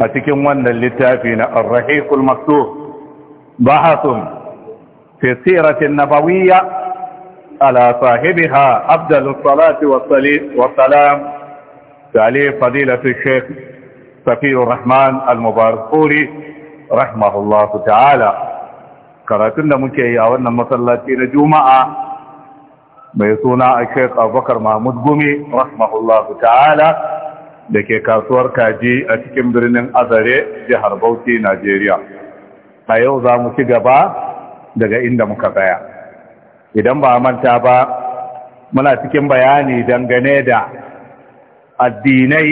a cikin wannan littafi na arrahiqul maktub bahathun fi siratin nabawiyya ala sahibiha afdalus salati wassalam تعليق فضيلة الشيخ سفي الرحمن المبارك فوري رحمه الله تعالى karatun da muke yi a wannan masallaci na juma'a mai suna a sheik abubakar mahmud gumi rahmahullahu ta'ala da ke kasuwar kaji a cikin birnin azare jihar bauchi najeriya a yau za mu ci gaba daga inda muka tsaya idan ba manta ba muna cikin bayani dangane da addinai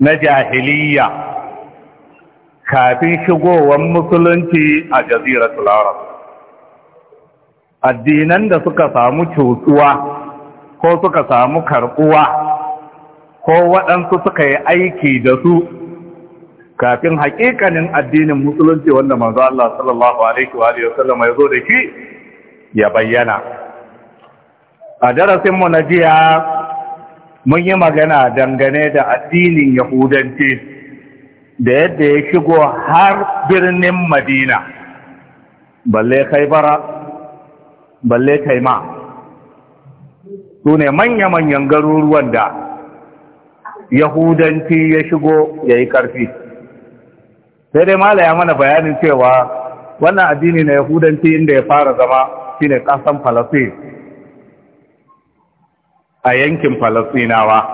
na jahiliya kafin shigowar musulunci a jazirar arab addinan da suka samu cutuwa ko suka samu karɓuwa. ko waɗansu suka yi aiki da su kafin haƙiƙanin addinin musulunci wanda manzo Allah sallallahu alaihi wa alihi wasallam ya zo da shi ya bayyana a darasin mu na jiya mun yi magana dangane da addinin yahudanci da yadda ya shigo har birnin Madina balle Khaibara balle Taima su ne manya-manyan garuruwan da yahudanci ya shigo ya yi ƙarfi sai dai mala ya mana bayanin cewa wannan addini na yahudanci inda ya fara zama shine ƙasan falasin a yankin Falasinawa.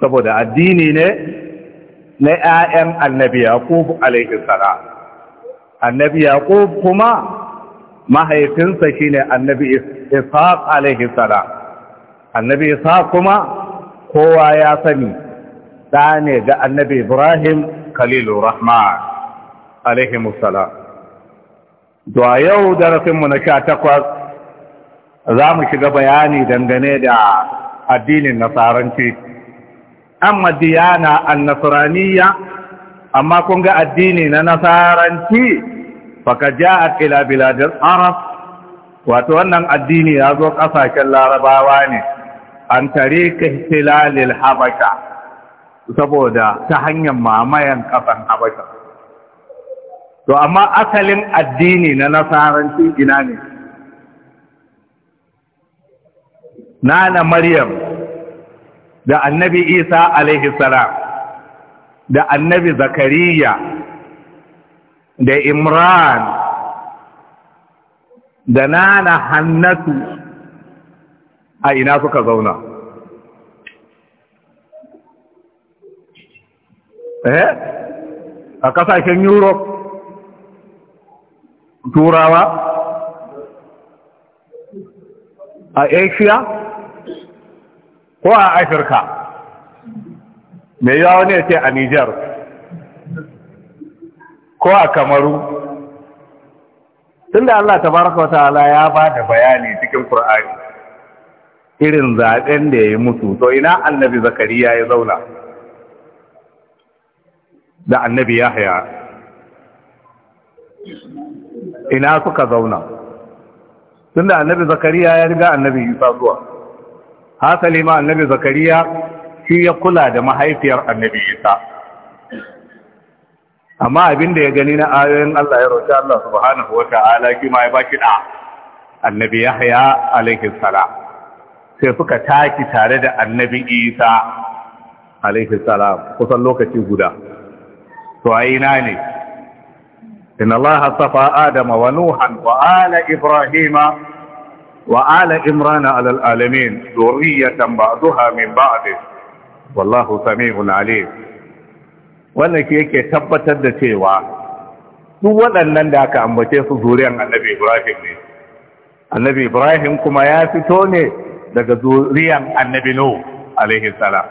saboda addini ne na 'ya'yan annabi yaqub alaihi Sala, annabi yaqub kuma mahaifinsa shi ne annabi ishaq alaihi Sala. annabi ishaq kuma kowa ya sani ɗa ne ga annabi ibrahim khalilu rahman alaihimussalam da yau darasinmu na sha takwas za mu shiga bayani dangane da addinin nasaranci amma diyana annasraniya amma kun ga addini na nasaranci ja ja'at ila biladil arab wato wannan addini ya zo ƙasashen larabawa ne an tare ka hilalil habasha saboda ta hanyar mamayan kafan habasha to amma asalin addini na nasaranci ina ne nana maryam da annabi isa alaihi salam da annabi zakariya da imran da nana hannatu a ina suka zauna eh a kasashen europe turawa a asia ko a afirka mai yawa ne ce a niger ko a kamaru tun da allah tabaraka wa ta'ala ya ba da bayani cikin Kur'ani. irin zaɓen da ya yi mutu, to ina annabi zakariya ya zauna da annabi haya ina suka zauna tun da annabi zakariya ya riga annabi isa zuwa hasali ma annabi zakariya shi ya kula da mahaifiyar annabi isa amma abin da ya gani na ayoyin Allah ya roƙi Allah subhanahu wa ta'ala kima ya shi da annabi yahya alaihi salam sai suka taki tare da annabi isa alaihi salam kusan lokaci guda to aina ne إن الله صفى wa ونوحا وآل إبراهيم وآل إمران على العالمين ذرية بعضها من بعض والله سميع عليم wannan ke yake tabbatar da cewa duk waɗannan da aka ambace su zuriyar annabi Ibrahim ne annabi Ibrahim kuma ya fito ne daga zuriyan annabi nuh alaihi salam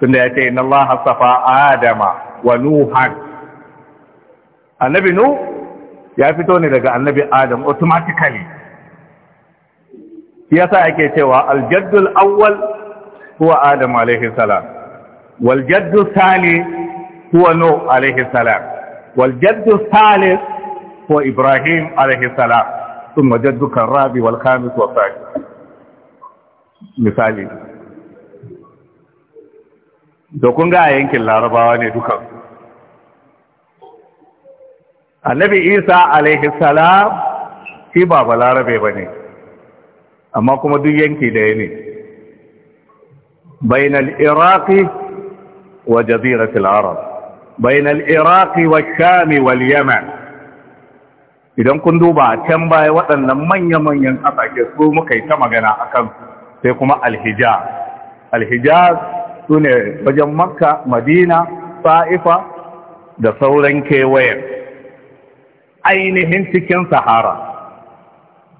tunda ya ce inna allaha safa adama wa nuhan annabi nuh ya fito ne daga annabi adam automatically yasa ake cewa aljaddul awwal huwa adam alaihi salam wal jaddu thani huwa nuh alaihi salam wal jaddu thalith huwa ibrahim alaihi salam ثم جدك الرابع والخامس والسادس misali da kun ga a yankin larabawa ne dukan annabi isa alaihi salam shi ba ba larabe ba ne amma kuma duk yanki da ya ne bainal iraqi wa jaziratul arab bainal iraqi wa shami wal yaman idan kun duba can baya waɗannan manya-manyan ƙasashe su muka yi ta magana a kansu sai kuma alhijaz alhijaz su ne wajen makka madina sa'ifa da sauran kewayen ainihin cikin sahara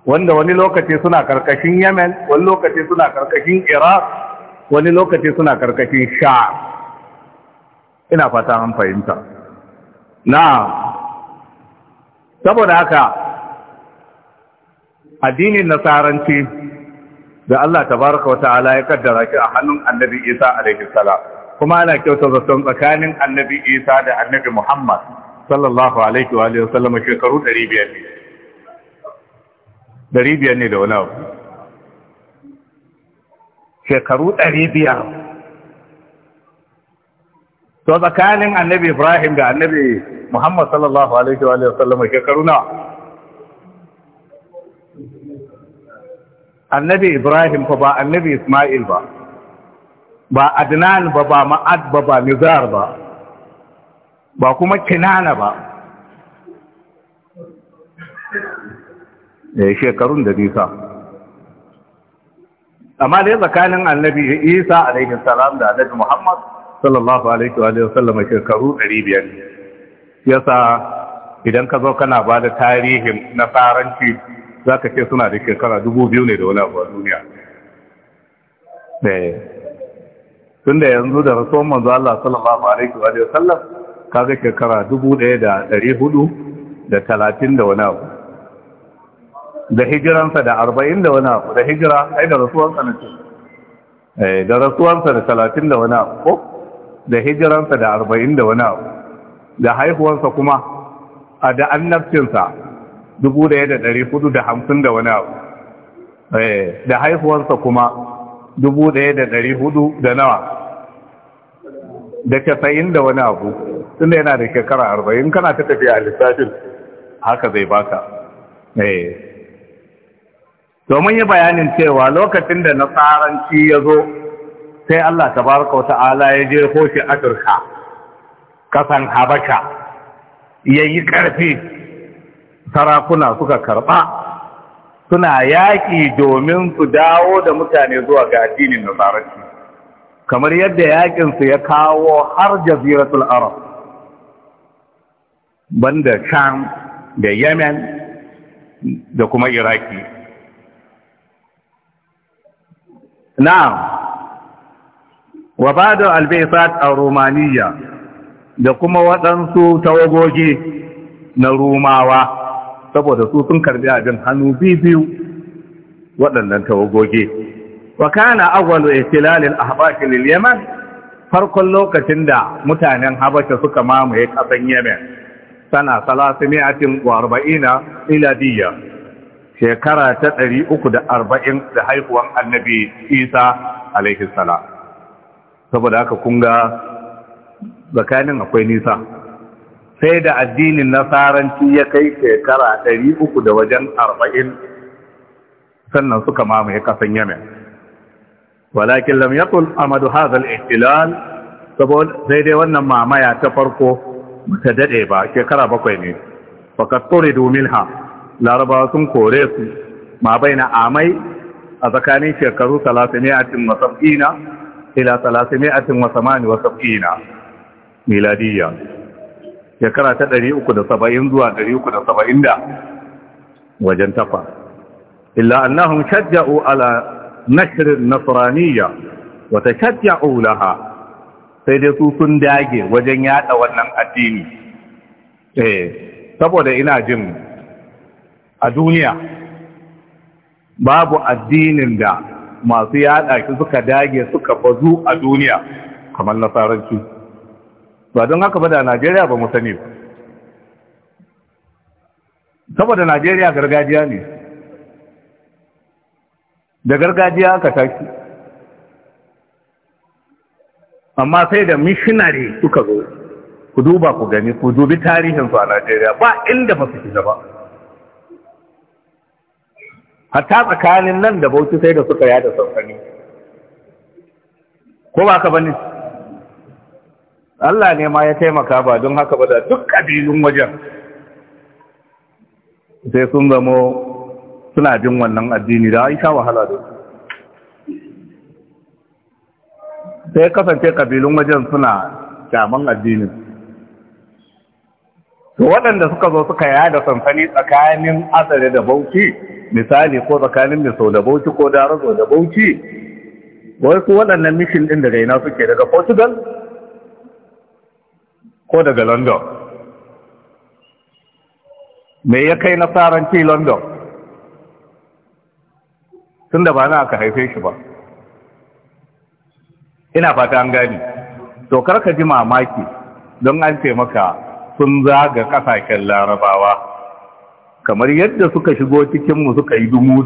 wanda wani lokaci suna karkashin yemen wani lokaci suna karkashin iraq wani lokaci suna karkashin sha ina fata an fahimta na saboda haka addinin nasaranci da Allah tabaraka wa ta'ala ya kaddara shi a hannun annabi Isa alaihi salam kuma ana kyauta zaton tsakanin annabi Isa da annabi Muhammad sallallahu alaihi wa alihi wasallam shekaru 500 ne 500 ne da wani abu shekaru 500 to tsakanin annabi Ibrahim da annabi Muhammad sallallahu alaihi wa alihi wasallam shekaru nawa annabi ibrahim fa ba annabi isma'il ba ba adnan ba ba ma'ad ba ba nizar ba ba kuma kinana ba eh, shekarun da nisa amma dai tsakanin annabi isa alaihi salam da annabi muhammad sallallahu alaihi wa sallam shekaru 500 yasa idan ka zo kana ba da tarihin nasaranci za ka ce suna da shekara dubu biyu ne da wani abu a duniya eh. tun da yanzu da rasuwan manzo Allah sallallahu alaihi wa sallam ga shekara dubu ɗaya da ɗari hudu da talatin da wani abu da hijiransa da arba'in da wani abu da hijira ai da rasuwansa na ce eh, da rasuwansa da talatin da wani abu ko da hijiransa da arba'in da wani abu da haihuwansa kuma a da annabcinsa dubu ɗaya da ɗari hudu da hamsin da wani abu eh, da haihuwarsa kuma dubu ɗaya da ɗari hudu da nawa da kasayin da wani abu tun da yana da shekara arba'in kana ta tafiya a lissafin haka zai baka eh. domin yi bayanin cewa lokacin da nasaranci ya zo sai Allah ta baraka wata ala ya je hoshi afirka kasan habaka ya yi ƙarfi sarakuna suka karɓa suna yaƙi domin su dawo da mutane zuwa ga addinin nasaranci kamar yadda yaƙinsu ya kawo har jaziratul arab banda sham da yemen da kuma iraki na'am wa albaisat a romaniya da kuma waɗansu tawagogi na rumawa saboda su sun karbi abin hannu biyu waɗannan tawagoge. wa kana awwalu ihtilalil a haɓashin Yemen, farkon lokacin da mutanen habasha suka mamaye kasan yemen sana 340 iladiyya, shekara ta ɗari uku da arba'in da haihuwan annabi isa alaihi saboda haka kunga tsakanin akwai nisa sai da addinin nasaranci ya kai shekara ɗari uku da wajen arba'in sannan suka mamaye kasan yamen walakin lam yaqul amadu hadha ihtilal saboda sai dai wannan mamaya ta farko ta dade ba shekara bakwai ne faqad domin ha. Larabawa sun kore su ma na amai a tsakanin shekaru 370 ila 378 miladiyya shekara ta 370 zuwa 370 wajen tafa illa annahum shajja'u ala nashr an-nasraniyya wa tashajja'u laha sai dai su sun dage wajen yada wannan addini eh saboda ina jin a duniya babu addinin da masu yada shi suka dage suka bazu a duniya kamar nasaranci ba don haka ba da najeriya ba mu sani ba saboda najeriya gargajiya ne da gargajiya aka tashi amma sai da mishinari suka zo ku duba ku gani ku dubi tarihinsu a najeriya ba inda ba su ba hatta tsakanin nan da bauchi sai da suka yada sansani ko ba ka bane Allah ne ma ya taimaka ba don haka ba da duk ƙabilun wajen sai sun zamo suna jin wannan addini da aisha wahala da sai kasance ƙabilun wajen suna jaman addinin to waɗanda suka zo suka yada sansani tsakanin asali da bauchi misali ko tsakanin miso da bauchi ko darazo da bauchi wai su waɗannan mishin ɗin daga ina suke daga portugal ko daga london me ya kai nasaranci london tun da ba na aka haife shi ba ina fata an gani to karka ji mamaki don an ce maka sun zaga kasashen larabawa kamar yadda suka shigo cikinmu suka yi dumu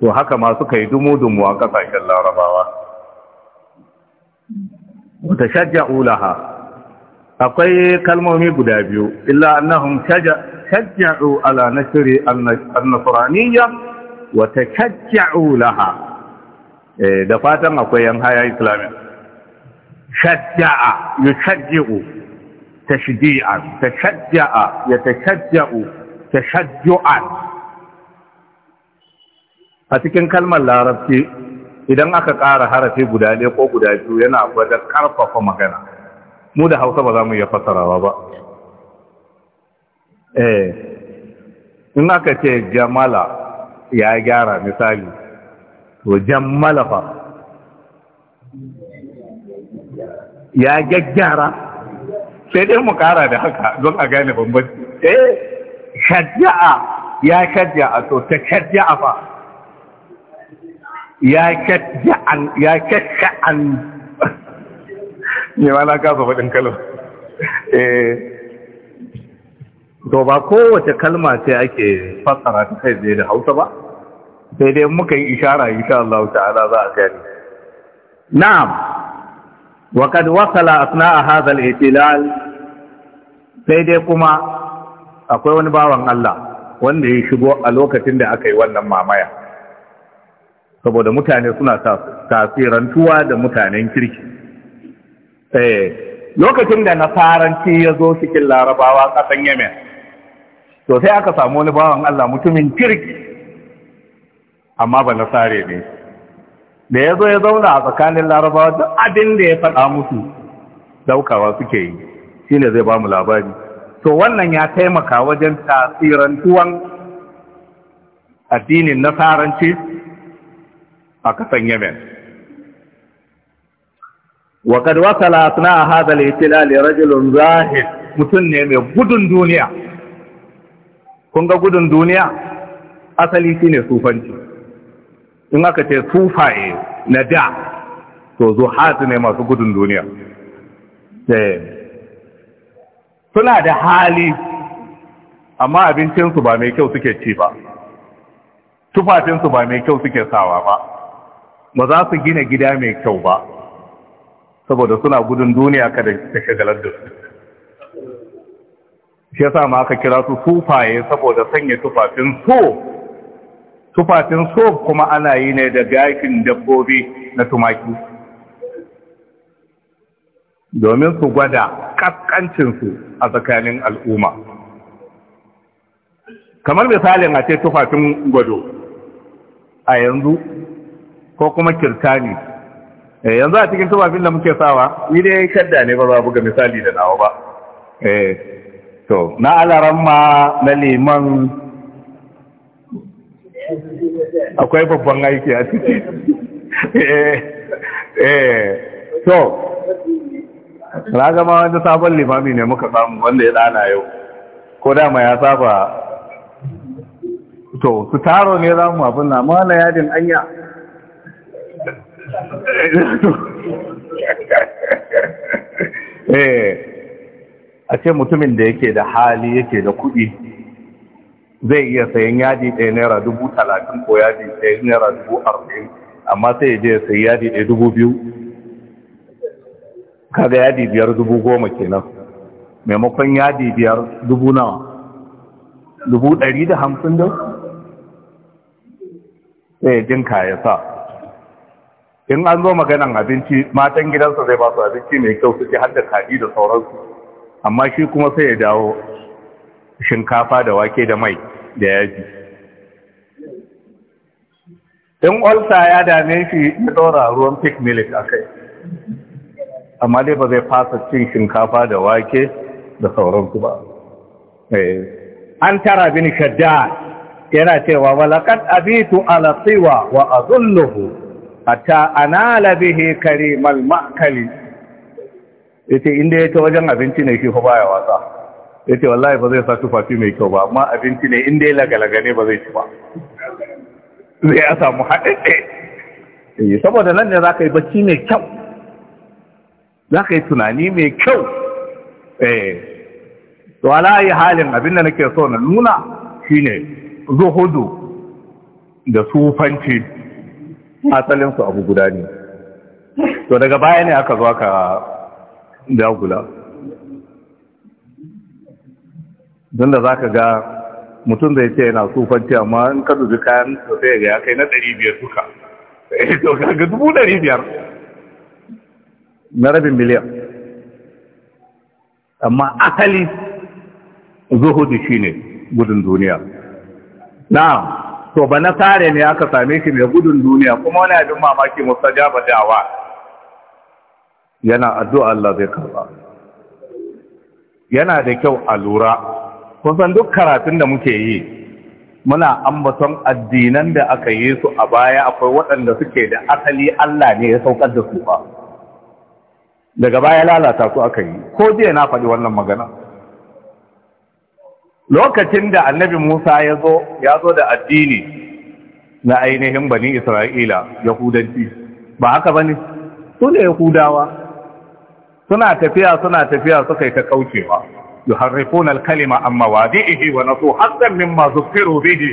to haka ma suka yi dumu a kasashen larabawa wata shajja ulaha akwai kalmomi guda biyu illa annahum shajja'u ala nashri an-nasraniyya wa tashajja'u laha eh da fatan akwai yan haya islamic shajja'a yushajji'u tashji'an tashajja'a yatashajja'u tashajju'an a cikin kalmar larabci idan aka ƙara harafi guda ɗaya ko guda biyu yana gwada ƙarfafa magana mu da hausa ba za mu iya fasarawa ba eh in aka ce jamala ya gyara misali to Jamala fa ya gyaggyara sai dai mu kara da haka don a gane bambanci eh shajja'a ya shajja'a to ta shajja'a fa ya shajja'an ya shajja'an ne ma na kasa faɗin kalma eh, to ba kowace kalma ce ake fassara ta kai zai da hausa ba sai dai muka yi ishara insha Allah ta'ala za a gani na'am wa kad wasala asna'a hadha al-ihtilal sai dai kuma akwai wani bawan Allah wanda ya shigo a lokacin da aka yi wannan mamaya saboda mutane suna tasirantuwa da mutanen kirki eh lokacin da nasaranci ya zo cikin larabawa ƙasan yemen to sai aka samu wani bawan allah mutumin kirki amma ba nasare ne da ya zo ya zauna a tsakanin larabawa duk abin da ya faɗa musu daukawa suke yi shi ne zai ba mu labari to wannan ya taimaka wajen tuwon addinin nasaranci a ƙasar yemen wa kad wasala asna hadha al-ihtilal rajulun zahid mutum ne mai gudun duniya kun ga gudun duniya asali shi ne sufanci in aka ce sufaye na da to zuhat ne masu gudun duniya suna da hali amma abincinsu ba mai kyau suke ci ba tufafinsu ba mai kyau suke sawa ba ba za su gina gida mai kyau ba saboda suna gudun duniya kada ta shagalar da su shi yasa ma aka kira su tufaye saboda sanya tufafin so tufafin so kuma ana yi ne da gashin dabbobi na tumaki domin su gwada kaskancinsu a tsakanin al'umma kamar misalin a ce tufafin gwado a yanzu ko kuma kirtani eh yanzu a cikin tufafin da muke sawa ni dai shadda ne ba za buga misali da nawa ba eh to na alaran ma na liman akwai babban aiki a ciki eh eh to na gama wanda sabon limami ne muka samu wanda ya dana yau ko dama ya saba to su taro ne za mu abin na mana yadin anya Eh, a ce mutumin da yake da hali yake da kuɗi zai iya sayan yadi ɗaya naira dubu talatin ko yadi ɗaya naira dubu arba'in amma sai ya je sayi yadi ɗaya dubu biyu kaga yadi biyar dubu goma kenan maimakon yadi biyar dubu nawa dubu ɗari da hamsin da sai eh, jinka ya sa in an zo maganan abinci matan gidansa zai ba su abinci mai kyau suke har da kaɗi da sauransu amma shi kuma sai ya dawo shinkafa da wake da mai da yaji in olsa ya dame shi ya ɗora ruwan pick milk a kai amma dai ba zai fasa cin shinkafa da wake da sauransu ba eh, an tara bin shadda yana cewa walakat abitu ala tsiwa wa azulluhu hatta anala bihi karimal ma'kali yace inda yake wajen abinci ne shi fa baya wasa yace wallahi ba zai sa tufafi mai kyau ba amma abinci ne inda ya lagalaga ne ba zai ci ba zai ya samu haɗaɗe eh, saboda nan ne za ka yi bacci mai kyau za ka yi tunani mai kyau eh, to yi halin abin da nake so na nuna shine zuhudu da sufanci asalin su abu guda ne to daga baya ne aka zo aka dagula don da za ka ga mutum zai ce yana sufanci amma in ka dubi kayan sosai ga ya kai na ɗari biyar suka eh, to ga dubu ɗari biyar na rabin miliyan amma asali zuhudu shine gudun duniya na'am to ba na sare ne aka same shi mai gudun duniya kuma wani abin mamaki mustajaba dawa yana addu'a Allah zai karba yana da kyau a lura kusan duk karatun da muke yi muna ambaton addinan da aka yi su a baya akwai waɗanda suke da asali Allah ne ya saukar da su ba daga baya lalata su aka yi ko jiya na faɗi wannan magana lokacin da annabi Musa ya zo ya zo da addini na ainihin bani Isra'ila yahudanci ba haka bane su ne yahudawa suna tafiya suna tafiya suka yi ta kaucewa yuharrifun al-kalima amma wadi'ihi wa nasu hasan mimma zukiru bihi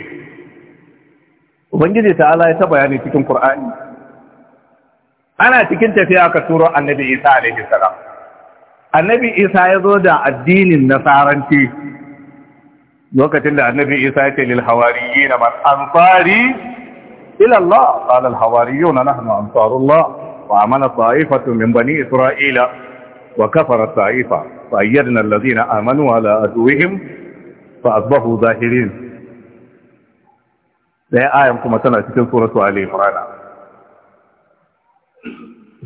ubangiji ta'ala ya ta bayani cikin qur'ani ana cikin tafiya ka turo annabi Isa alaihi salam annabi Isa ya zo da addinin nasaranci lokacin da annabi isa ya ce lil na man ansari ila Allah qala al na nahnu ansarullah wa amana ta'ifatu min bani isra'ila wa kafara ta'ifa fa ayyadna alladhina amanu ala adwihim fa asbahu zahirin daya ayan kuma tana cikin suratu ali imran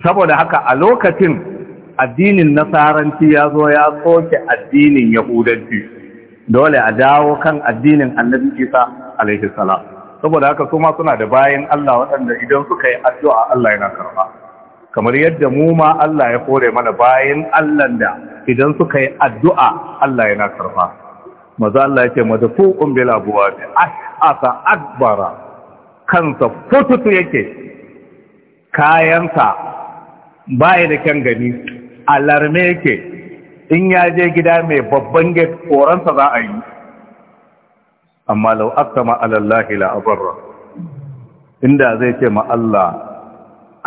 saboda haka a lokacin addinin nasaranci ya zo ya soke addinin yahudanci dole a dawo kan addinin annabi isa alaihi salam saboda haka su suna da bayan Allah waɗanda idan suka yi addu'a Allah yana karɓa kamar yadda mu ma Allah ya kore mana bayan Allah da idan suka yi addu'a Allah yana karɓa maza Allah yake madfuqun buwa abwab asa akbara kansa fututu yake kayansa baya da kyan gani alarme yake in ya je gida mai babban gate koransa za a yi amma lau akama ala allahi la abarra inda zai ce ma Allah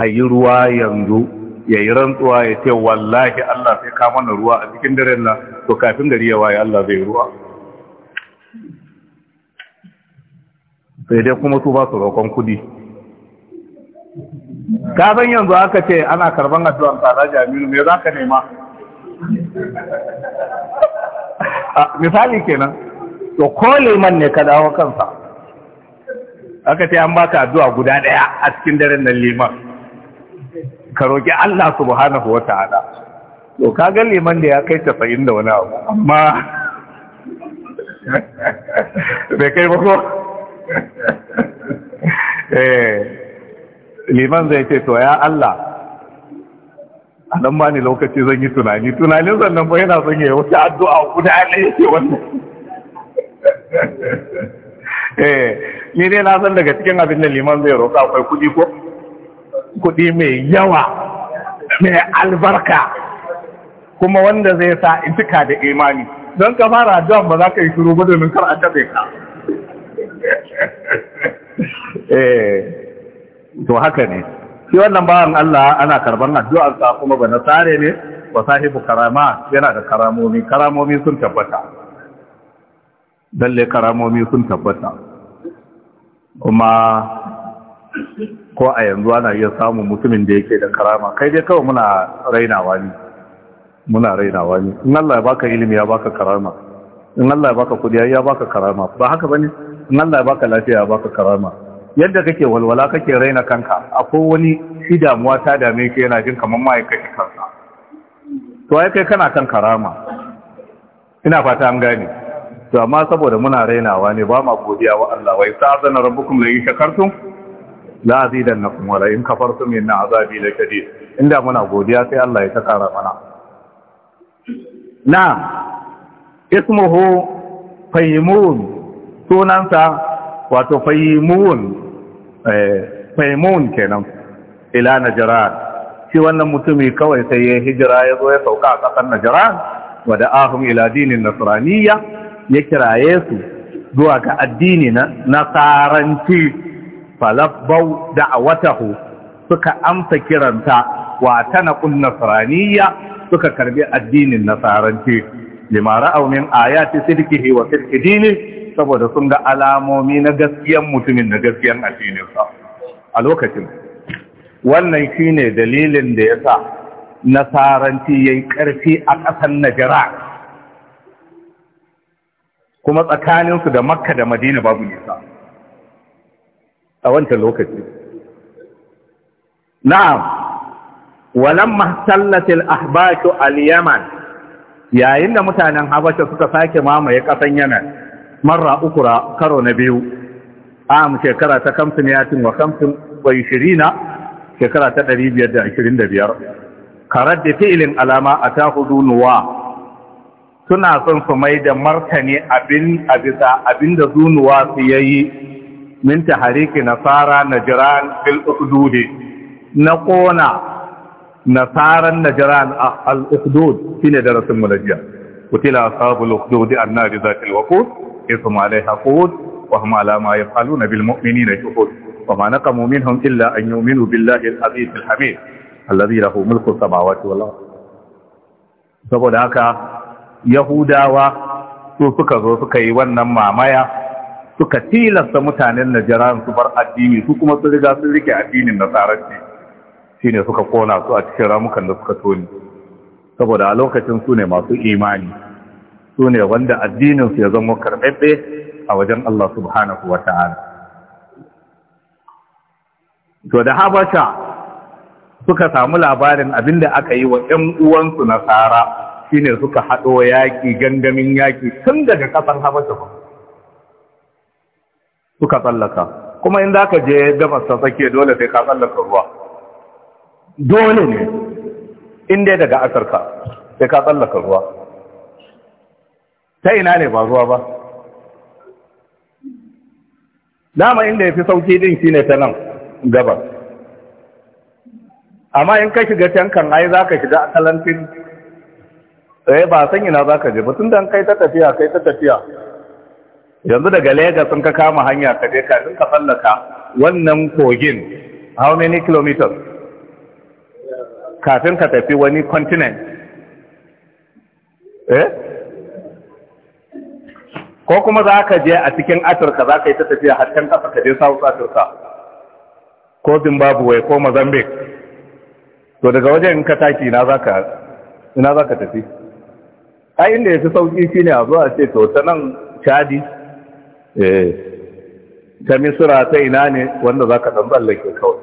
ayi ruwa yanzu yayi rantsuwa ya ce wallahi Allah sai ka mana ruwa a cikin daren nan to kafin gari ya waye Allah zai ruwa sai dai kuma su ba su roƙon kudi ka yanzu aka ce ana karban addu'ar tsada jami'u me za ka nema Ah, misali kenan to ko liman ne ka dawo kansa aka ce an baka addu'a guda daya a cikin daren nan liman ka roki Allah subhanahu wata'ala to ka ga liman da ya kai 90 da wani abu amma bai kai ba eh, liman zai ce to ya Allah a nan ba ni lokaci zan yi tunani tunanin sannan ba yana son ya wata addu'a guda ne yake wannan eh ni dai na san daga cikin abin da liman zai roƙa akwai kuɗi ko kuɗi mai yawa mai albarka kuma wanda zai sa intika da imani don ka fara addu'a ba za ka yi shiru ba domin kar a taɓe ka eh to haka ne shi wannan bawan Allah ana karban addu'ar sa kuma ba nasare ne wa sahibu karama yana da karamomi karamomi sun tabbata dalle karamomi sun tabbata kuma ko a yanzu ana iya samun mutumin da yake da karama kai dai kawai muna rainawa ne muna rainawa ne in Allah ya baka ilimi ya baka karama in Allah ya baka kudi ya baka karama ba haka bane in Allah ya baka lafiya ya baka karama yadda kake walwala kake raina kanka akwai wani shi damuwa ta dame shi yana jin kamar ma'aikaci kansa to ai kai kana kan karama ina fata an gane to amma saboda muna rainawa ne ba ma godiya wa Allah wai sa'azana rabbukum la yashkartum la azidannakum wa la in kafartum inna azabi lakadid inda muna godiya sai Allah ya saka mana na ismuhu fayyimun sunansa wato fayyimun Eh, maimun kenan ila najran shi wannan mutumi kawai sai ya hijira ya zo ya sauka a ƙasar najran wa da'ahum ila dinin nasraniyya ya kiraye su zuwa ga addini na nasaranci falabbau da'awatahu suka amsa kiranta wa tanaqul nasraniyya suka karbi addinin nasaranci lima ra'aw min ayati sidqihi wa sidqi dinihi saboda sun ga alamomi na gaskiyan mutumin da gaskiyan addininsa a lokacin wannan shine dalilin da ya sa nasaranci ya yi ƙarfi a ƙasar najira kuma tsakaninsu da makka da madina babu nisa a wancan lokaci na'am walan masallacin ahbashu al-yaman yayin da mutanen habasha suka sake mamaye ƙasan yaman marra ukura karo na biyu am shekara ta kamsin yatin wa kamsin wa ishirina shekara ta ɗari biyar da ashirin da biyar karar da fi'ilin alama a ta hudu nuwa suna son su mai da martani abin a bisa abin da zunuwa su ya yayi min tahariki nasara najiran fil ukdudi na kona nasaran najiran al ukdud shine darasin mu na jiya kutila ashabul ukdudi annari zatil waqud إثم عليها قود وهم على ما يفعلون بالمؤمنين شهود وما نقموا منهم إلا أن يؤمنوا بالله العزيز الحميد الذي له ملك السماوات والأرض saboda haka yahudawa su suka zo suka yi wannan mamaya suka tilasta mutanen najaran su bar addini su kuma su riga sun rike addinin nasaranci shine suka kona su a cikin ramukan da suka toni saboda lokacin sune masu imani su ne wanda su ya zama karɓaɓɓe a wajen Allah subhanahu wa ta'ala. To da Habasha suka samu labarin abinda aka yi wa ‘yan uwansu nasara shi ne suka haɗo yaƙi gangamin yaƙi tun daga ƙasar Habasha ba. Suka tsallaka, kuma in za ka je gabas sake dole sai ka tsallaka ruwa. Dole ne, in dai daga asarka sai ka tsallaka ruwa. ta ina ne ba zuwa ba dama inda ya fi sauki din shi ne ta nan gabas amma in ka shiga tankan ai za ka shiga atalantin tsaye eh, ba san ina za ka je ba tun da kai ta tafiya kai ta tafiya yanzu daga Legas sun ka kama hanya ka je kafin ka tsallaka wannan kogin how many kilometers kafin ka tafi wani continent eh ko kuma za ka je a cikin afirka za ka yi ta tafiya har can ƙasa ka je south africa ko zimbabwe ko mozambique to daga wajen ka taki ina za ka tafi a inda ya fi sauƙi shi ne a zuwa ce to ta nan chadi eh, ta misira ta ina ne wanda za ka ɗan tsallake kawai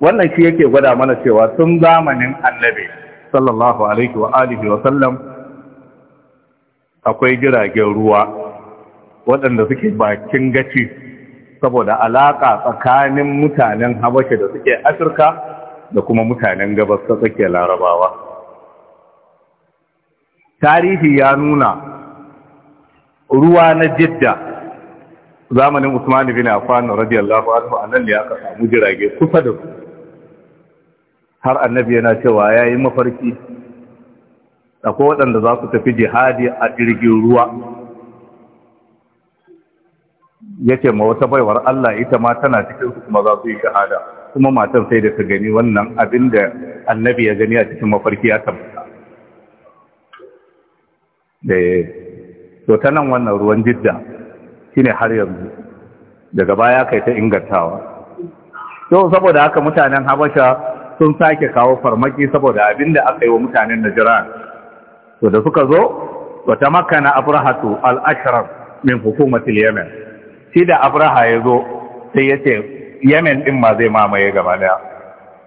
wannan shi yake gwada mana cewa tun zamanin annabi sallallahu alaihi wa alihi wa sallam akwai jiragen ruwa waɗanda suke bakin gaci saboda alaƙa tsakanin mutanen habasha da suke afirka da kuma mutanen gabas ta tsakiya larabawa tarihi ya nuna ruwa na jidda zamanin usman bin afanu radiyallahu anhu anan ne aka samu jirage kusa da su har annabi yana cewa ya yi mafarki akwai waɗanda za su tafi jihadi a jirgin ruwa yace ma wata baiwar Allah ita ma tana cikin su kuma za su yi shahada kuma matan sai da ta gani wannan abin da annabi ya gani a cikin mafarki ya tabbata da eh, to ta nan wannan ruwan jidda shi ne har yanzu daga baya kai ta ingantawa to saboda haka mutanen Habasha sun sake kawo farmaki saboda abin da aka yi wa mutanen Najeriya, to da suka zo wata makana abrahatu al-ashrar min hukumatil yamen shi da abraha ya zo sai ya ce yemen din ma zai mamaye gaba daya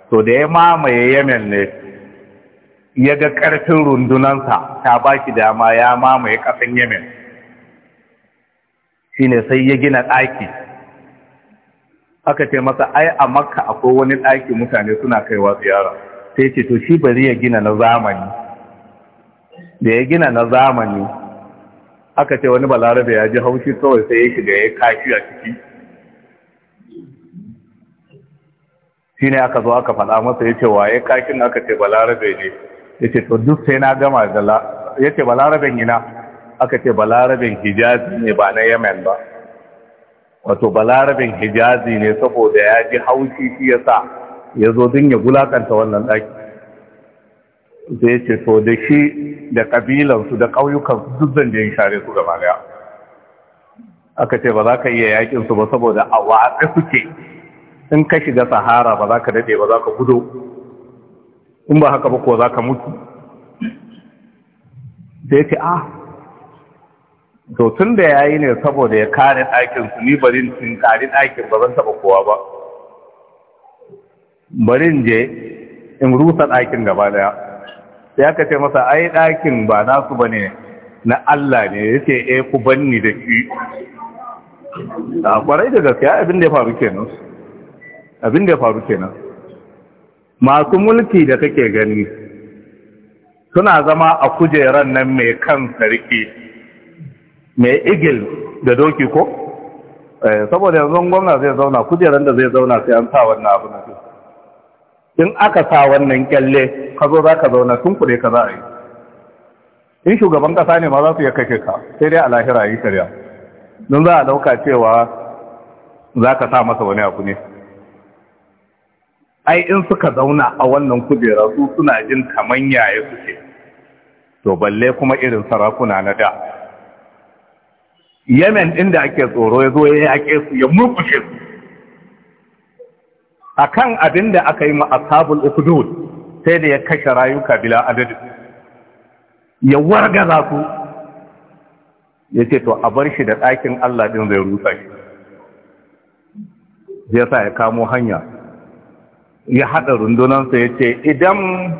to da ya mamaye yemen ne ya ga ƙarfin rundunansa ta ba shi dama ya mamaye ƙasan yemen shi ne sai ya gina ɗaki aka ce masa ai a makka akwai wani ɗaki mutane suna kaiwa ziyara sai ce to shi bari ya gina na zamani da ya gina na zamani aka ce wani balarabe ya ji haushi kawai sai ya shiga ya kashi a ciki shi ne aka zo aka faɗa masa ya ce ya kashin aka ce balarabe ne ya ce to duk sai na gama da ya ce balaraben ina aka ce balaraben hijazi ne ba na yemen ba wato balaraben hijazi ne saboda ya ji haushi shi ya sa ya zo din ya gulakanta wannan ɗaki zai ce to da shi da ƙabilansu da ƙauyukan duk zan da ya share su gaba daya aka ce ba za ka iya yakin su ba saboda a watsa suke in ka shiga sahara ba za ka dade ba za ka gudo in ba haka ba ko za ka mutu zai ce a ah, to tun da ya yi ne saboda ya kare ɗakinsu, su ni barin sun kare ɗakin ba zan taɓa kowa ba barin je in rusa ɗakin gaba daya sai aka ce masa ai ɗakin ba nasu ba ne na Allah ne ya ce e ku banni da shi a ƙwarai da gaskiya abin da ya faru kenan abin da ya faru kenan masu mulki da kake gani suna zama a kujeran nan mai kan sarki mai igil da doki ko eh, saboda yanzu gwamna zai zauna kujeran da zai zauna sai an sa wannan abin da in aka sa wannan kyalle ka zo za ka zauna sun kure ka za a yi in shugaban kasa ne ma za su yi kake ka sai dai a lahira yi shari'a don za a dauka cewa za ka sa masa wani abu ne ai in suka zauna a wannan kujera su suna jin kaman yaya suke to balle kuma irin sarakuna na da yemen inda ake tsoro ya zo ya yi ake su ya murkushe su a kan abin da aka yi ma ashabul ukudu sai da ya kashe rayuka bila adadi ya za ku ce to a bar shi da ɗakin Allah ɗin zai rusa shi zai sa ya kamo hanya ya haɗa rundunansa ya ce idan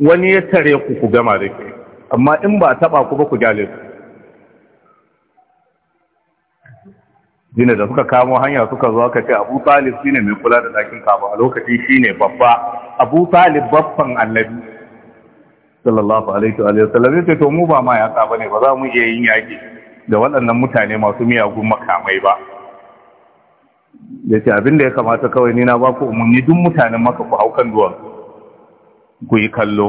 wani ya tare ku ku gama da ke amma in ba taɓa ku ba ku gyale shine da suka kamo hanya suka zo aka ce Abu Talib shine mai kula da dakin Kaaba a lokacin shine babba Abu Talib babban Annabi sallallahu alaihi wa sallam yace to mu ba ma ka bane ba za mu iya yin yaki da waɗannan mutane masu miyagun makamai ba yace abin da ya kamata kawai ni na ba ku umarni duk mutanen maka ku haukan duwan ku yi kallo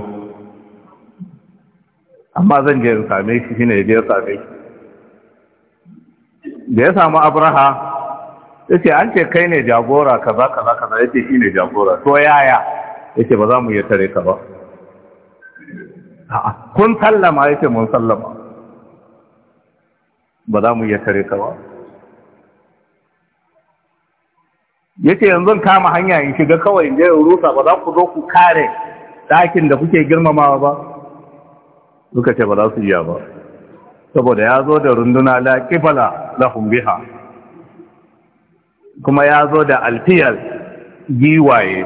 amma zan je in same shi shine ya je ya same shi da ya samu abraha ya ce an ce kai ne jagora kaza kaza kaza ya ce shi ne jagora to yaya ya ce ba za mu yi tare ka ba kun sallama ya ce mun sallama ba za mu yi tare ka ba ya ce yanzu kama hanya in shiga kawai in je rusa ba za ku zo ku kare ɗakin da kuke girmamawa ba suka ce ba za su iya ba saboda ya zo da runduna la kibala lahum biha kuma ya zo da alfiyar giwaye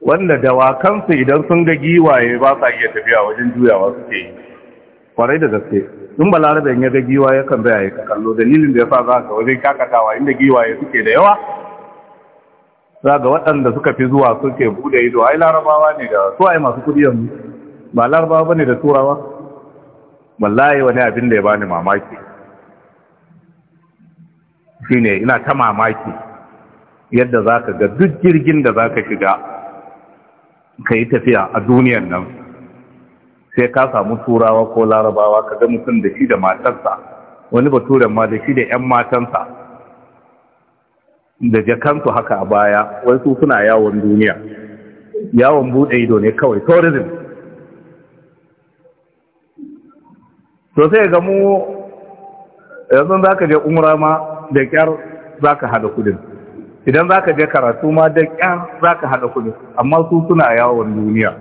wanda dawakansu idan sun ga giwaye ba sa iya tafiya wajen juyawa suke yi kwarai da gaske in balarabe ya ga giwaye kan baya ya kallo dalilin da ya sa za ka wajen kakatawa inda giwaye suke da yawa za ga waɗanda suka fi zuwa suke bude ido ai larabawa ne da su ai masu kudi yanzu ba larabawa ne da turawa wallahi wani abin da ya bani mamaki shine ina ta mamaki yadda za ka ga duk jirgin da za ka shiga ka yi tafiya a duniyan nan sai ka samu turawa ko larabawa ka ga mutum da shi da matarsa wani baturen ma da shi da 'yan matansa da jakansu haka a baya wasu suna yawon duniya yawon buɗe ido ne kawai tourism to sai ga mu yanzu za ka je umra ma da kyar za ka hada kudin idan za ka je karatu ma da kyar za ka hada kudin amma su suna yawon duniya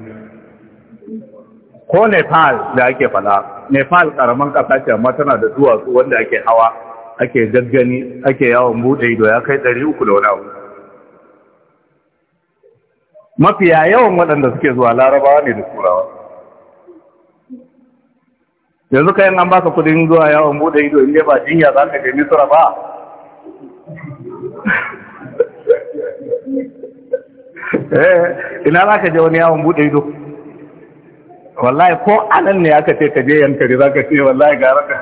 ko nepal da ake fada nepal karaman kasa ce amma tana da duwatsu wanda ake hawa ake gaggani ake yawon bude ido ya kai 300 da wani abu mafiya yawan waɗanda suke zuwa larabawa ne da turawa yanzu kayan an baka kudin zuwa yawon bude ido inda ba jinya za ka je misra ba eh, ina za ka je wani yawon bude ido wallahi ko anan ne aka ce ka je yankari za ka ce wallahi gara ka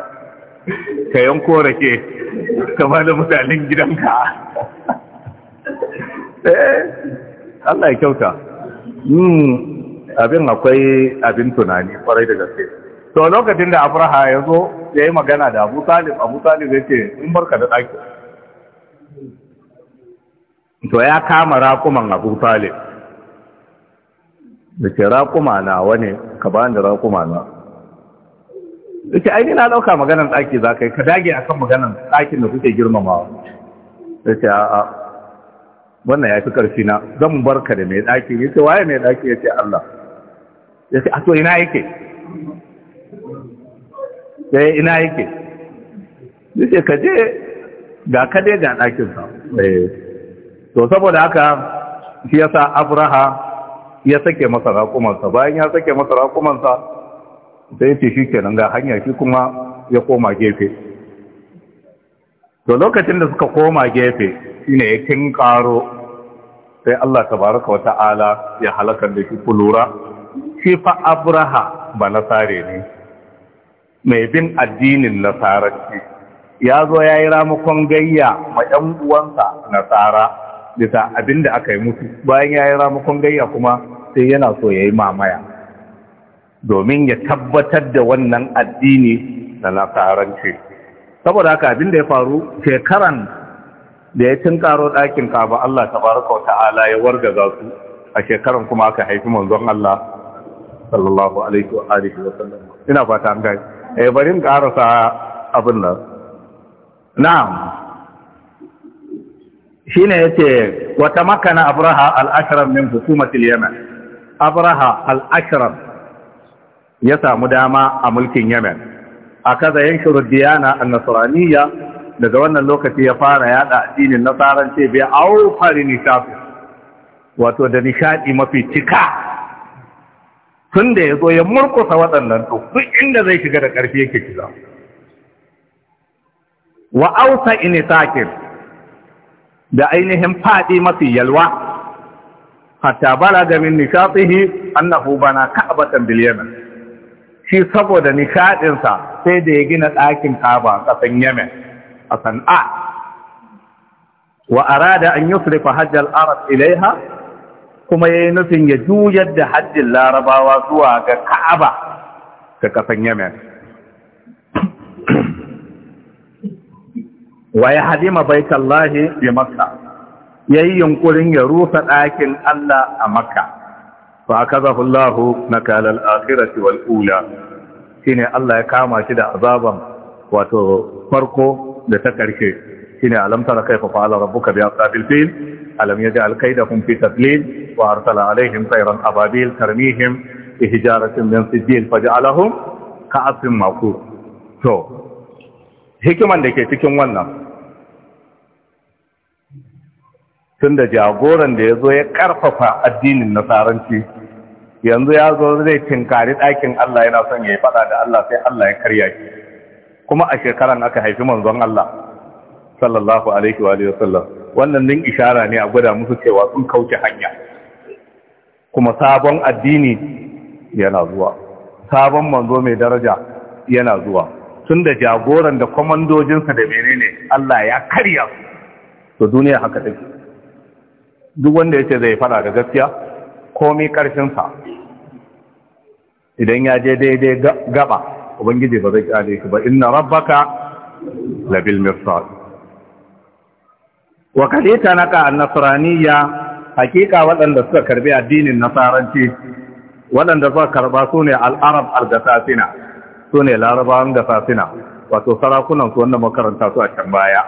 ka yanko ke kama da mutanen gidanka eh Allah ya kyauta hmm, abin akwai abin tunani kwarai da gaske to lokacin da afraha ya zo ya yi magana da abu talib abu talib ya ce in barka da ɗaki to ya kama rakuman abu talib da ce rakuma na wane ka ba da rakuma na da ce aini na ɗauka maganan ɗaki za ka yi ka dage akan maganan ɗakin da kuke girmamawa da ce a'a wannan ya fi ƙarfi na zan barka da mai ɗaki ya ce waye mai ɗaki ya ce Allah ya ce a to ina yake sai eh, ina yake yace ka je ga kade ga ɗakin eh, to saboda haka shi yasa Abraha ya sake masa raƙumansa bayan ya sake masa raƙumansa sai ce shi kenan ga hanya shi kuma ya koma gefe to lokacin da suka koma gefe shine ya ƙaro, sai Allah tabaraka wa ta'ala ya halakar da shi kulura shi fa Abraha ba nasare ne mai bin addinin nasaranci ya zo ya yi ramakon gayya ma ‘yan uwansa nasara bisa abin da aka yi mutu bayan ya yi ramakon gayya kuma sai yana so ya yi mamaya domin ya tabbatar da wannan addini na nasaranci saboda haka abin da ya faru shekaran da ya cin karo ɗakin kaba Allah ta baraka wa ta'ala ya wargaza su a shekaran kuma aka haifi manzon Allah sallallahu alaihi wa alihi wa sallam ina fata an gaji eh barin karasa abin nan na'am shine yace wa makana abraha al-ashram min hukumati al-yaman abraha al-ashram ya samu dama a mulkin yaman akaza yanshuru diyana an-nasraniyya daga wannan lokaci ya fara yada addinin nasaranci bi awfari nishaf wato da nishadi mafi cika tun da ya zo ya murkusa waɗannan to duk inda zai shiga da ƙarfi yake shiga wa ausa inisakin da ainihin faɗi mafi yalwa hatta Bala min nishaɗihi annahu bana ka'batan bil shi saboda nishaɗinsa sai da ya gina ɗakin kaba kasan Yemen a san'a wa arada an yusrifa hajjal arab ilaiha kuma ya yi nufin ya juyar da haddin larabawa zuwa ga ka'aba ga ƙasan wa ya hadima baitallahi bi makka ya yi yunkurin ya rusa ɗakin allah a makka fa akazahu allah nakalal akhirati wal ula shine allah ya kama shi da azaban wato farko da ta ƙarshe shine alam tara kaifa fa'ala rabbuka bi ashabil fil alam yaj'al kaydahum fi tadlil wa arsala alaihim tayran ababil tarmihim bi hijaratin min sijil faj'alahum to hikiman da ke cikin wannan tunda jagoran da ya zo ya karfafa addinin nasaranci yanzu ya zo zai tinkari ɗakin Allah yana son ya yi faɗa da Allah sai Allah ya karya shi kuma a shekaran aka haifi manzon Allah sallallahu alaihi wa sallam wannan din ishara ne a gwada musu cewa sun kauce hanya kuma sabon addini yana zuwa sabon manzo mai daraja yana zuwa Tunda da jagoran da kwamandojinsa da menene Allah ya karya to duniya haka take duk wanda yace zai fara da gaskiya komai sa, idan ya je daidai gaba ubangiji ba zai kare shi ba inna rabbaka labil mirsad wa kalita naka annasraniya hakika waɗanda suka karbi addinin nasaranci waɗanda suka karba sune al-arab al-gasasina sune larabawan gasasina wato sarakunan su wanda makaranta su a can baya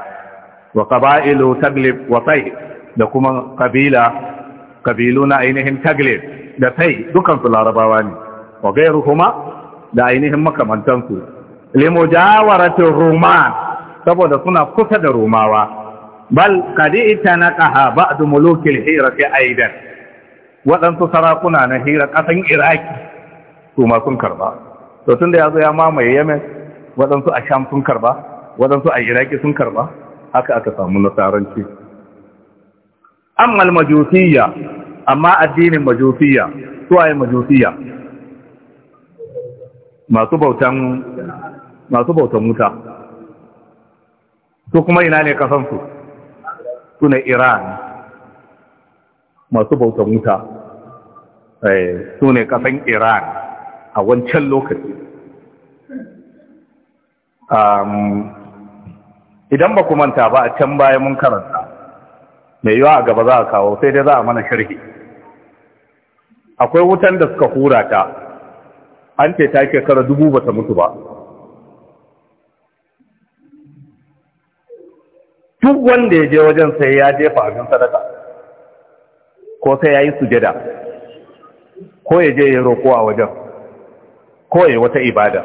wa qaba'ilu taglib wa sai da kuma kabila kabilu na ainihin taglib da sai dukan su larabawa ne wa kuma da ainihin makamantansu limujawaratu ruman saboda suna kusa da rumawa bal kadi ita na ƙaha ba a dumulokil hira fi aidan waɗansu sarakuna na hira ƙasan iraki su ma sun karba to tun da ya zo ya mamaye yamen waɗansu a sham sun karba waɗansu a iraki sun karba haka aka samu nasaranci amma majusiyya amma addinin majusiyya suwaye majusiyya masu bautan masu bautan wuta su kuma ina ne kasansu su iran masu bautan wuta eh, su ne kasan iran a wancan lokaci um, idan ba ku manta ba a can bayan mun karanta mai yiwa a gaba za a kawo sai dai za a mana sharhi akwai wutan da suka hura ta an ce ta kara dubu ba ta mutu ba duk wanda ya je wajen sai ya jefa abin sadaka ko sai ya yi sujada ko ya je ya roƙo a wajen ko ya wata ibada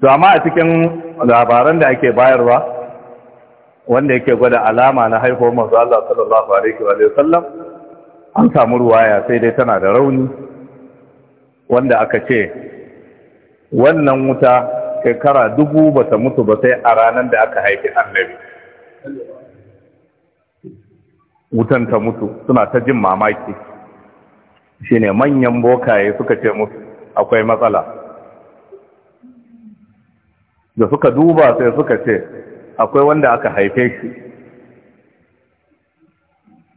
to amma a cikin labaran da ake bayarwa wanda yake gwada alama na haihuwar masu Allah sallallahu alaihi wa sallam an samu ruwaya sai dai tana da rauni wanda aka ce wannan wuta shekara dubu ba ta mutu ba sai a ranar da aka haifi annabi wutan ta mutu suna ta jin mamaki Shi ne manyan bokaye suka ce musu akwai matsala da suka duba sai suka ce akwai wanda aka haife shi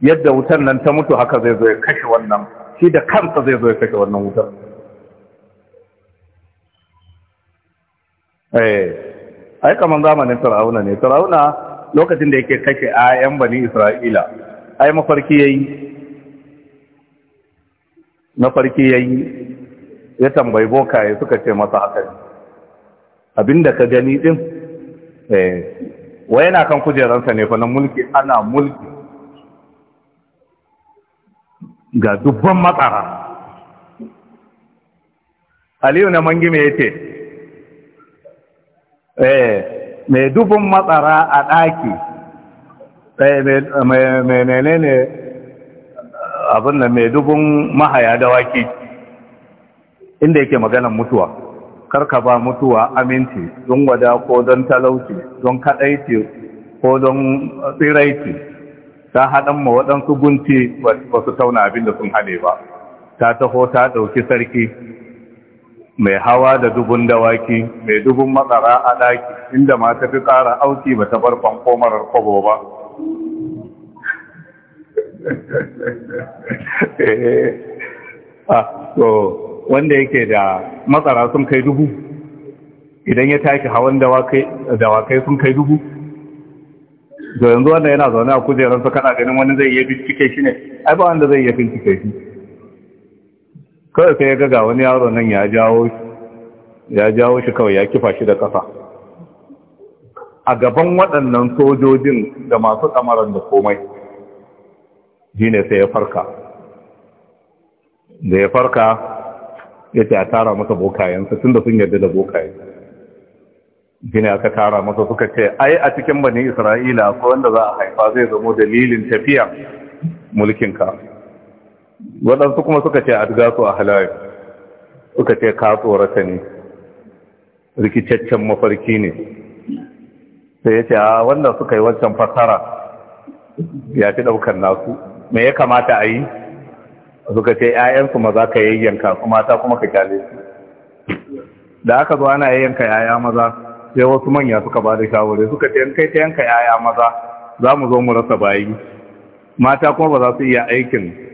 yadda wutan nan ta mutu haka zai zo ya kashe wannan shi da kansa zai zo ya kashe wannan wutan Eh. ai kamar zamanin Fir'auna ne Fir'auna lokacin da yake kashe ayan bani Isra'ila ai mafarki yayi mafarki yayi ya tambayi bokaye suka ce masa haka abinda ka gani ɗin? eh wai yana kan kujeransa ne fa na mulki ana mulki ga dubban matsara Aliyu na mangime ya ce, eh mai dubin matsara a ɗaki eh, mai menene abin da mai dubin mahaya dawaki inda yake maganan mutuwa karka ba mutuwa aminci don wada ko don talauci don kaɗaici ko don tsiraici ta haɗa ma waɗansu gunti ba su tauna abin da sun haɗe ba ta taho ta ɗauki sarki mai hawa da dubun dawaki mai dubun matsara a ɗaki inda ma ta fi ƙara auki ba ta bar komarar kwabo ba ah, wanda yake da matsara sun kai dubu idan ya tashi hawan dawakai sun kai dubu da yanzu wanda yana zaune a su kana ganin wani zai iya bincike shi ne ai ba wanda zai iya bincike shi kawai sai ya ga ga wani yaro nan ya jawo shi kawai ya kifa shi da kafa a gaban waɗannan sojojin da masu kamaran da komai ji ne sai ya farka da ya farka ya ce a tara masa bokayensa tun da sun yarda da bokayen shi ne aka tara masa suka ce ai a cikin bani isra'ila ko wanda za a haifa zai zamo dalilin tafiya mulkinka waɗansu kuma suka ce adgasu a halayen suka ce ka tsorata ne rikicaccen mafarki ne sai ya ce a wannan suka yi wancan fasara ya fi ɗaukar nasu me ya kamata a yi suka ce 'ya'yansu maza ka yayyanka su mata kuma ka kyale su da aka zo ana yayyanka 'ya'ya maza sai wasu manya suka ba da shawarai suka ce kai ta yanka 'ya'ya maza za mu zo mu rasa bayi mata kuma ba za su iya aikin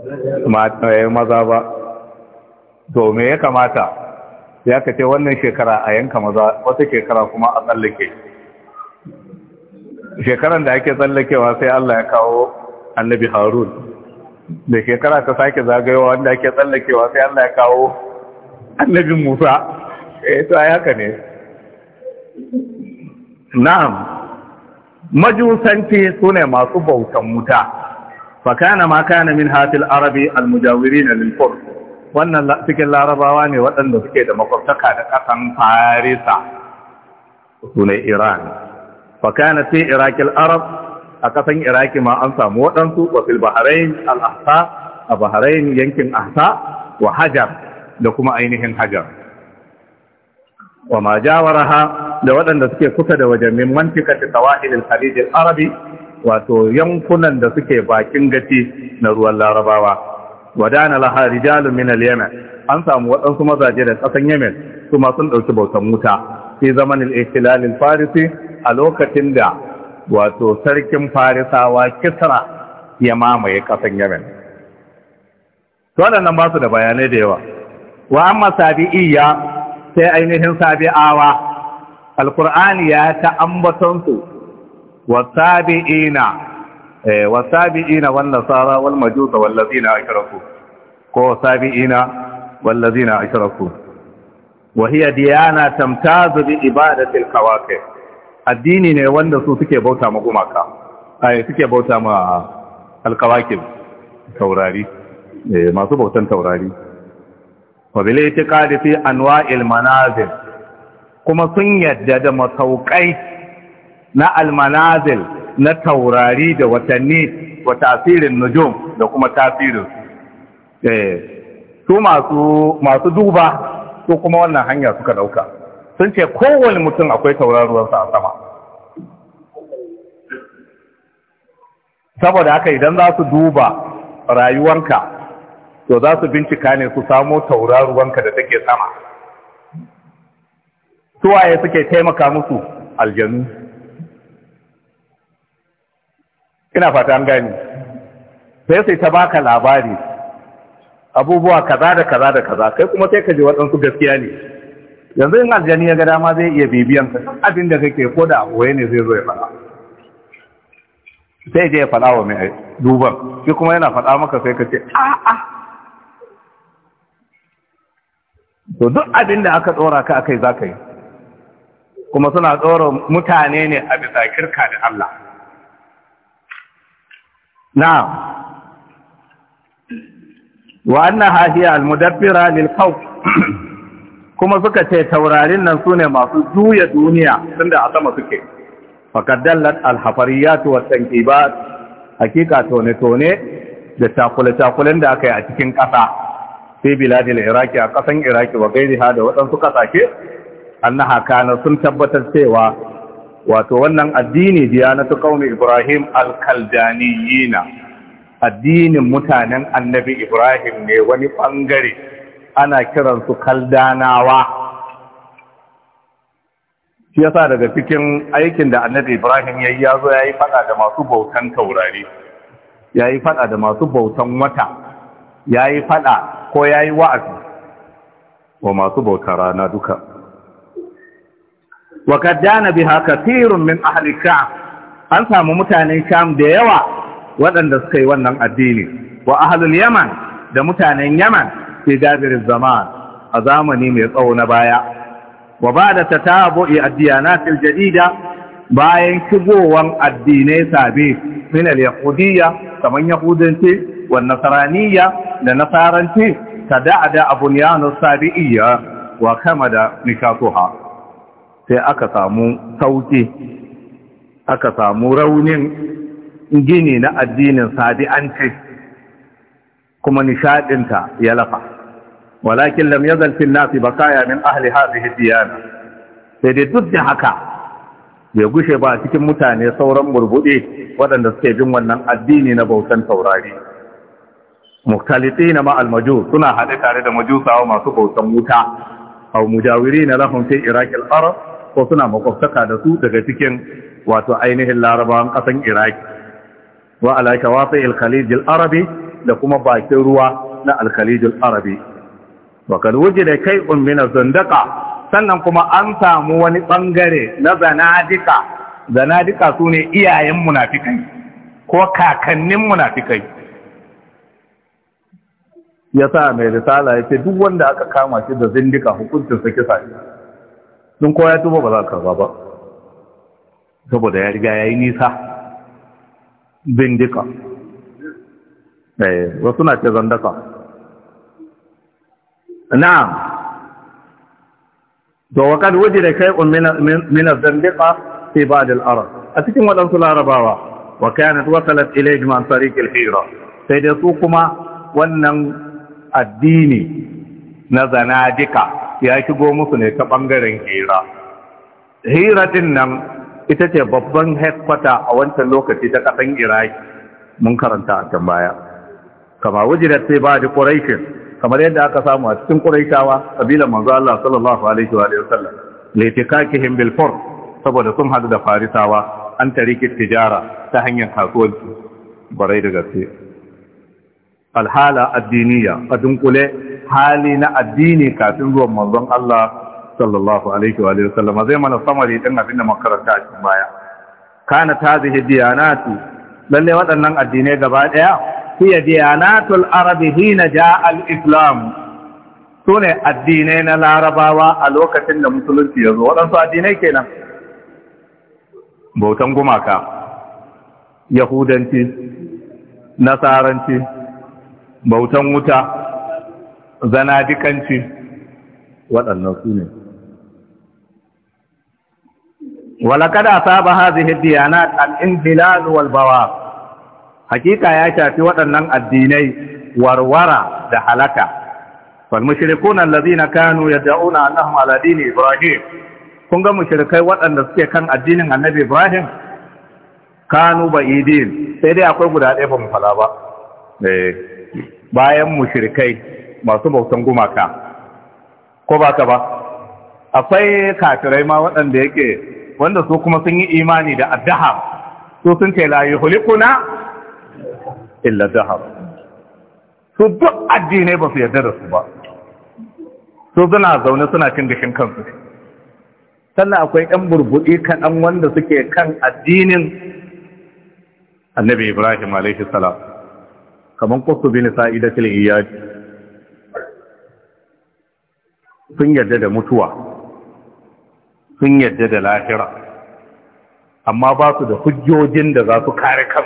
Eh, maza ba to me ya kamata ya kace wannan shekara a yanka maza wata shekara kuma a tsallake shekaran da ake tsallakewa sai Allah ya kawo annabi harun da shekara ta sake zagayowa wanda ake tsallakewa sai Allah ya kawo annabi musa eh to ai haka ne na'am majusanci sune masu bautan wuta fakana ma kana min hafil arabi almujawirin lil qurs wannan cikin larabawa ne waɗanda suke da makwabtaka da ƙasan farisa sunai iran fakana fi iraqil arab a ƙasan iraki ma an samu waɗansu wa fil bahrain al ahsa a bahrain yankin ahsa wa hajar da kuma ainihin hajar wa ma jawaraha da waɗanda suke kusa da wajen min mantikati sawahil al khalij al arabi wato yankunan da suke bakin gaci na ruwan larabawa wadana laha rijalun min al-yaman an samu waɗansu mazaje da ƙasan yamen su ma sun ɗauki bautan wuta fi zamanin ihtilal al-farisi a lokacin da wato sarkin farisawa kisra ya mamaye ƙasan yamen to waɗannan ba su da bayanai da yawa wa amma sabi'iyya sai ainihin sabi'awa qurani ya ta ambaton su wasabi'ina wasabi'ina wan nasara wal majusa wal ladina ashraku ko wasabi'ina wal ladina ashraku wa hiya diyana tamtazu bi ibadati al kawakib addini ne wanda su suke bauta ma gumaka ai suke bauta ma al kawakib taurari masu bautan taurari wa bil itiqadi fi anwa'il manazil kuma sun yadda da masaukai na almanazil na taurari da watanni wa tasirin nujum da kuma tasirin su eh, masu duba ko kuma wannan hanya suka dauka sun ce kowane mutum akwai tauraruwarsa a sama saboda haka idan za su duba rayuwanka to za su bincika ne su samo tauraruwanka da take sama suwaye suke taimaka musu aljanu ina fata an gani sai sai ta baka labari abubuwa kaza da kaza da kaza kai kuma sai ka ji waɗansu gaskiya ne yanzu in aljani ya ga dama zai iya bibiyan ka abin da kake ko da waye ne zai zo ya faɗa sai je ya faɗa wa mai duban shi kuma yana faɗa maka sai ka ce a'a to duk abin da aka tsora ka akai za ka yi kuma suna tsora mutane ne a bisa kirka da Allah نعم وأنها هي المدبرة للخوف kuma suka ce taurarin nan su ne masu juya duniya tunda a sama suke fakadallat alhafariyatu wasankibat hakika tone-tone da cakule-cakulen da aka yi a cikin ƙasa sai biladil iraki a ƙasan iraki wa gairiha da waɗansu ƙasashe annaha kanar sun tabbatar cewa wato wannan addini ta kaumi ibrahim alkaldaniyina addinin mutanen annabi ibrahim ne wani bangare ana kiransu kaldanawa shi yasa daga cikin aikin da annabi ibrahim yayi ya yayi fada da masu bautan taurari yayi fada da masu bautan wata yayi fada ko yayi wa'azi wa masu bautar rana duka wa kaddana biha kathirun min ahli sha'ab an samu mutanen sham da yawa waɗanda suka yi wannan addini wa ahlul yaman da mutanen yaman fi dabir zaman a zamani mai tsawo na baya wa ba da tatabu'i ad-diyanatil jadida bayan shigowar addinai sabi min al-yahudiyya kaman yahudanci wa nasraniyya da nasaranci tada'ada abunyanus sabi'iyya wa kama da nikatuha sai aka samu sauki aka samu raunin gini na addinin sadi'anci kuma nishadinta ya lafa walakin lam yazal fil nasi bakaya min ahli hadhihi diyana sai dai duk da haka bai gushe ba cikin mutane sauran burbuɗe waɗanda suke bin wannan addini na bautan taurari muktalitina ma almaju suna haɗe tare da majusawa masu bautan wuta aw mujawirina na fi iraqil arab ko suna makwabtaka da su daga cikin wato ainihin larabawan ƙasan iraki wa alaika wafi Alkalijin arabi da kuma bakin ruwa na Alkalijin arabi wa wuji da kai ummina zandaka sannan kuma an samu wani bangare na zanadika zanadika su ne iyayen munafikai ko kakannin munafikai ya sa mai risala ya ce duk wanda aka kama shi da zindika sa kisa sun kowa ya tuba ba za a karba ba saboda ya riga ya yi nisa bindika eh, wasu na ce zandaka Na to wakad waje da kai minar zandika sai ba da al'ara a cikin waɗansu larabawa wa kayanat wasalat ilayhi man tariq al-hira sai da su kuma wannan addini na zanadika ya shigo musu ne ta ɓangaren hira hira din nan ita ce babban headquarter a wancan lokaci ta ƙasan iraki mun karanta a can baya kama wujidat sai ba da ƙuraishin kamar yadda aka samu a cikin ƙuraishawa kabilan manzo Allah sallallahu alaihi wa sallam litikakihim bil fur saboda sun hadu da farisawa an tariki tijara ta hanyar kasuwanci barai da gaske alhala addiniya a dunkule hali na addini kafin zuwan manzon Allah sallallahu alaihi wa sallam zai mana samari din abin da makaranta a cikin baya kana tazihi diyanatu lalle waɗannan addinai gaba ɗaya hiya diyanatul arabi hina ja al-islam ne addinai na larabawa a lokacin da musulunci ya zo waɗansu addinai kenan bautan gumaka yahudanci nasaranci bautan wuta zanadikanci waɗannan su ne sa ba hadhihi diyanat al-inhilal wal bawa. hakika ya shafi waɗannan addinai warwara da halaka fal mushrikuna na kanu yad'una annahum ala ne ibrahim kun ga mushirikai waɗanda suke kan addinin annabi ibrahim kanu ba idin. sai dai akwai guda ɗaya ba mu fala ba eh, bayan mushirikai. masu bautan gumaka ko ba ta ba akwai kafirai ma waɗanda yake wanda su kuma sun yi imani da addahar su sun ce layi hulikuna illa dahar su duk addinai ba su yarda da su ba su suna zaune suna cin dikin kansu sannan akwai ɗan burbuɗi kaɗan wanda suke kan addinin annabi ibrahim a.s. kamar kusurbi nisa idatil iyaji sun yarda da mutuwa sun yarda da lahira amma ba su da hujjojin da za su kare kan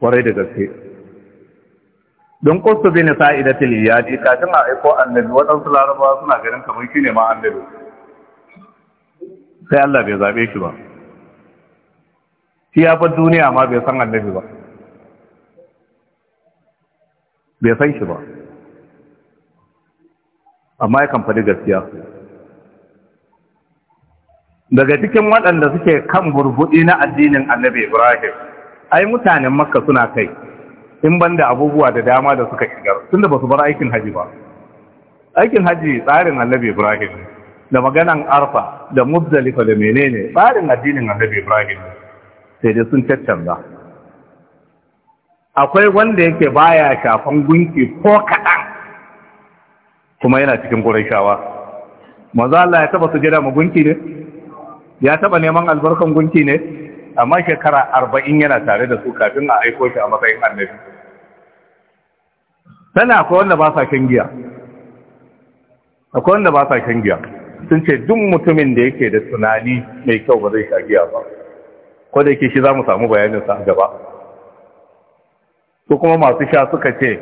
kwarai da gaske don kusa zai na ya iyali kafin a aiko annabi waɗansu larabawa suna ganin kamar shi ne ma annabi sai Allah bai zaɓe shi ba shi ya fi duniya ma bai san annabi ba bai san shi ba amma yakan faɗi gaskiya daga cikin waɗanda suke kan burbuɗi na addinin annabi ibrahim ai mutanen makka suna kai in banda abubuwa da dama da suka shigar tunda ba su bar aikin haji ba aikin haji tsarin annabi ibrahim da maganan arfa da muzdalifa da menene tsarin addinin annabi ibrahim sai dai sun caccanza akwai wanda yake baya shafan gunki ko kaɗan kuma yana cikin ƙuraishawa maza Allah ya taba sujada ma gunki ne ya taba neman albarkan gunki ne amma shekara arba'in yana tare da su kafin a aiko shi a matsayin annabi sana akwai wanda ba sa shan giya akwai wanda ba sa shan giya sun ce duk mutumin da yake da tunani mai kyau ba zai sha giya ba ko da yake shi za mu samu bayaninsa a gaba su kuma masu sha suka ce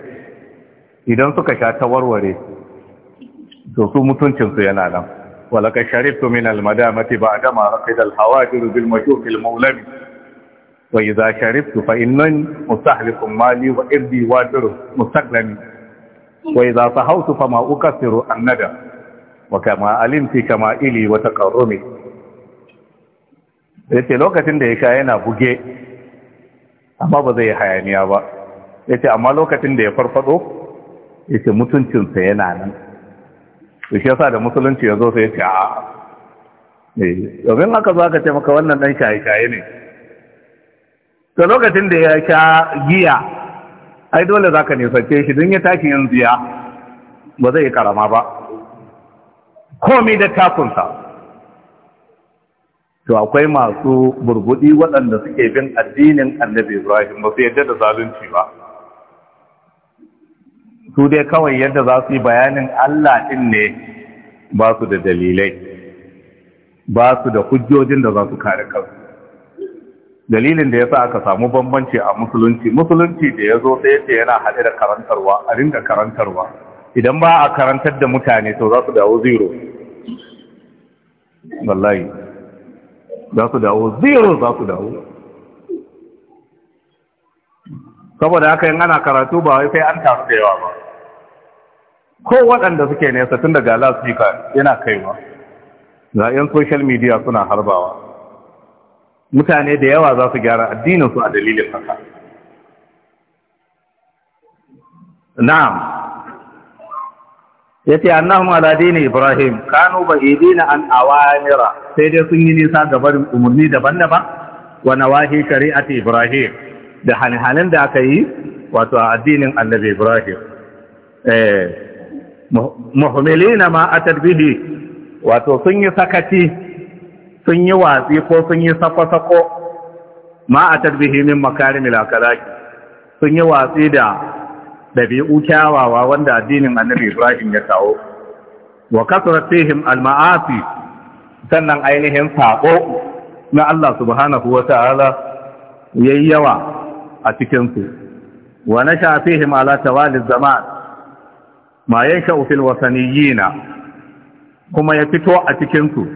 idan suka sha ta warware to su mutuncinsu yana nan walaka to min almadamati ba'da ma aqida alhawadir bil mashuq almawlam wa idha sharibtu fa innani mustahlikum mali wa irdi dur mustaqlami wa idha sahawtu ma ukathiru annada wa kama alimti kama ili wa taqarrumi yace lokacin da ya sha yana buge amma ba zai hayaniya ba yace amma lokacin da ya farfado yace mutuncinsa yana nan da shi yasa da musulunci ya zo sai ce a eh, domin haka za ka ce maka wannan ɗan shaye-shaye ne da lokacin da ya sha giya ai dole za ka nisance shi don ya tashi yin ziya ba zai yi karama ba komi da takunsa to akwai masu burgudi waɗanda suke bin addinin annabi ibrahim ba su yadda da zalunci ba su dai kawai yadda za su yi bayanin Allah ɗin ne ba su da dalilai ba su da hujjojin da za su kare kansu dalilin da ya sa aka samu bambanci a musulunci musulunci da ya zo sai ce yana haɗe da karantarwa a ringa karantarwa idan ba a karantar da mutane to za su dawo zero wallahi za su dawo zero za su dawo saboda haka yin ana karatu ba wai sai an taru da yawa ba ko waɗanda suke nesa tun daga lasfika yana kaiwa za yan social media suna harbawa mutane da yawa za su gyara addininsu a dalilin haka na'am ya ce annahum aladini ibrahim kanu na an awamira sai dai sun yi nisa ga barin umarni daban-daban wa nawahi shari'ati ibrahim da halin da aka yi wato a addinin annabi ibrahim eh, muhimmilina ma a tarbihi wato sun yi sakaci sun yi watsi ko sun yi sako-sako ma a tarbihi min makari milakalaki sun yi watsi da ɗabi'u kyawawa wanda addinin annabi ibrahim ya kawo wa kasuratihim al-ma'asi sannan ainihin sako na Allah subhanahu wa ta'ala yayi yawa a cikinsu wa na shafihim ala tawalin zaman ma yanka ufil wasaniyina kuma ya fito a cikinsu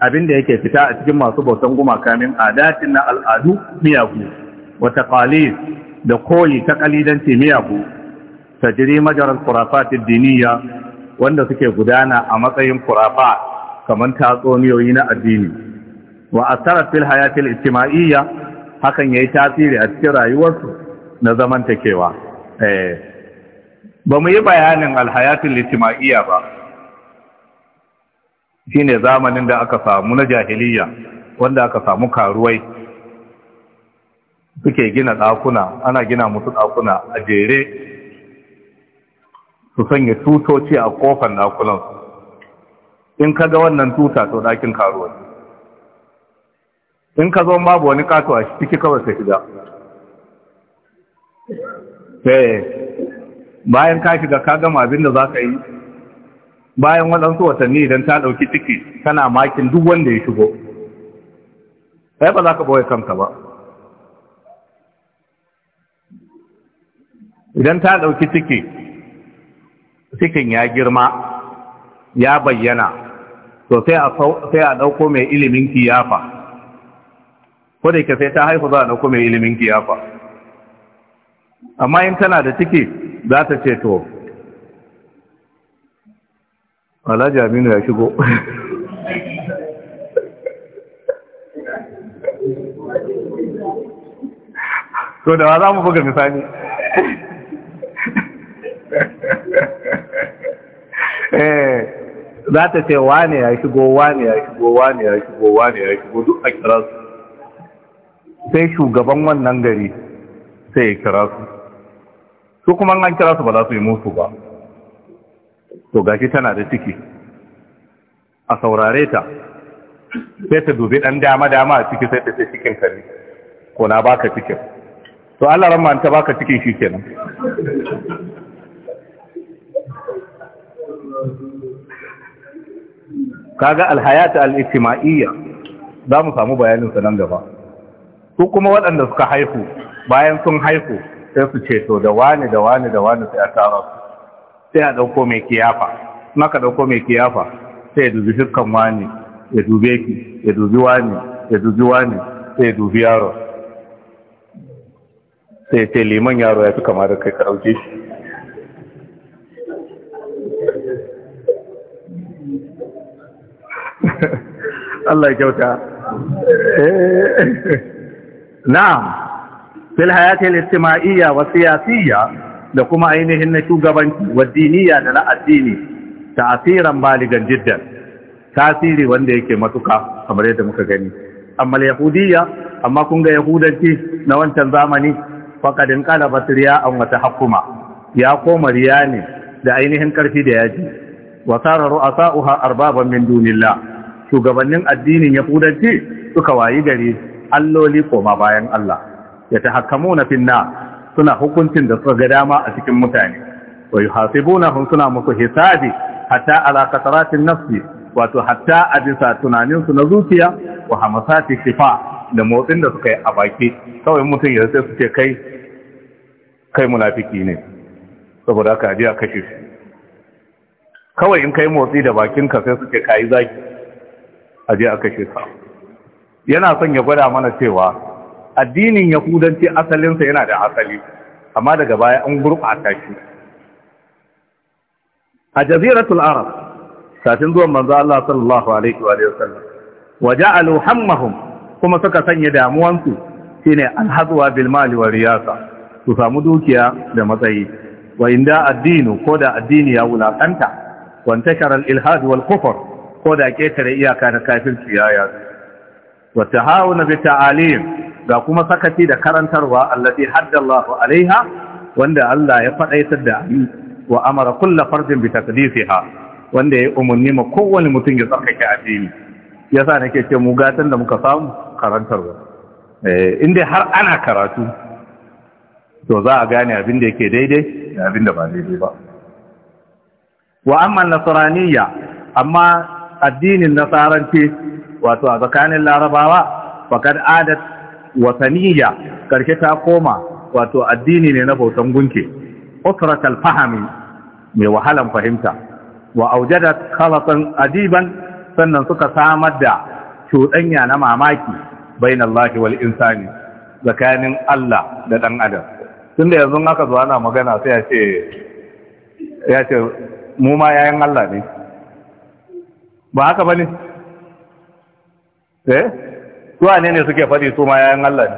abinda yake fita a cikin masu bautan gumaka min adatin na al'adu miyagu wata ƙalis da koyi ta ƙalidanci miyagu ta jiri majalar diniya wanda suke gudana a matsayin kurafa kamar tatsuniyoyi na addini wa asarar fil hayatil ijtima'iyya hakan yayi tasiri a cikin rayuwarsu na zamantakewa eh ba mu yi bayanin alhayatin Litima'iya ba Shi ne zamanin da aka samu na jahiliya wanda aka samu karuwai suke gina ɗakuna ana gina musu ɗakuna a jere su sanya tutoci a ƙofar ɗakunan. in ka ga wannan tuta to ɗakin karuwai in ka zo babu wani kato a ciki kawai sai shiga eh. bayan ka shiga ka gama abin da za ka yi bayan waɗansu watanni idan ta ɗauki ciki tana makin duk wanda ya shigo sai ba za ka ɓoye kanka ba idan ta ɗauki ciki cikin ya girma ya bayyana to sai a ɗauko mai ilimin kiyafa ko da ke sai ta haifu za a ɗauko mai ilimin kiyafa amma in tana da ciki za ta ce to alhaji aminu ya shigo to da za mu buga misali eh, za ta ce wane ya shigo wane ya shigo wane ya shigo wane ya shigo duk a kira su sai shugaban wannan gari sai ya kira su su kuma an kira su ba za su yi musu ba to gashi tana da ciki a saurare ta sai ta dubi ɗan dama-dama a ciki sai ta ce cikin kare ko na baka cikin to Allah ramma ta baka cikin shi kenan kaga alhayata al-ijtima'iyya za mu samu bayanin sanan nan gaba su kuma waɗanda suka haihu bayan sun haihu sai su ce to da wani da wani da wani sai a tara su sai a ɗauko mai kiyafa maka ɗauko mai kiyafa sai ya dubi dukkan wani ya dube ki ya dubi wani ya dubi wani sai ya dubi yaro sai ce liman yaro ya fi kama da kai ka shi Allah ya kyauta. Eh. Na'am. fil hayatil ijtima'iyya wa siyasiyya da kuma ainihin na shugabanci wa diniya da na addini ta'asiran baligan jiddan tasiri wanda yake matuka kamar yadda muka gani amma yahudiyya amma kun ga yahudanci na wancan zamani faqad inqalabat riya'an wa tahakkuma ya koma riya ne da ainihin karfi da yaji wa sara ru'asa'uha arbaban min dunillah shugabannin addinin yahudanci suka wayi gari alloli koma bayan Allah ya tahakkamuna fin na suna hukuncin da suka ga dama a cikin mutane wa yuhasibunahum suna muku hisabi hatta ala qataratin nafsi wato hatta a bisa tunaninsu na zuciya wa hamasati shifa da motsin da suka yi a baki kawai mutum ya sai su ce kai kai munafiki ne saboda ka ajiya a kashe shi kawai in kai motsi da bakinka sai suke kayi kai zaki a je a kashe sa yana son ya gwada mana cewa addinin yahudanci asalinsa yana da asali amma daga baya an gurɓata shi a jaziratul arab kafin zuwan manzo Allah sallallahu alaihi wa sallam waja'alu hammahum kuma suka sanya damuwansu shine alhazwa bil mali wa riyasa su samu dukiya da matsayi wa inda addinu ko da addini ya wulakanta wa intashara al ilhad wal kufr ko da ketare iyaka na kafirci ya yazo wa tahawuna bi ta'alim ga kuma sakaci da karantarwa allati haddallahu alaiha wanda Allah ya faɗaitar da ni wa amara kullu fardin bi taqdisiha wanda ya umarni ma kowane mutum ya tsarkake addini yasa nake ce mu gatan da muka samu karantarwa eh inda har ana karatu to za a gane abin da yake daidai da abin da ba daidai ba wa amma nasraniyya amma addinin nasaranci wato a tsakanin larabawa faqad adat wataniya karshe ta koma wato addini ne na bautan Gunke. usratal fahami mai wahalan fahimta wa aujada khalatan adiban sannan suka samar da cuɗanya na mamaki bainallahi wal insani Zakanin Allah da dan adam tunda yanzu aka zo ana magana sai ya ce ya ce mu ma yayin Allah ne ba haka bane eh su ne ne suke faɗi su ma yayan Allah ne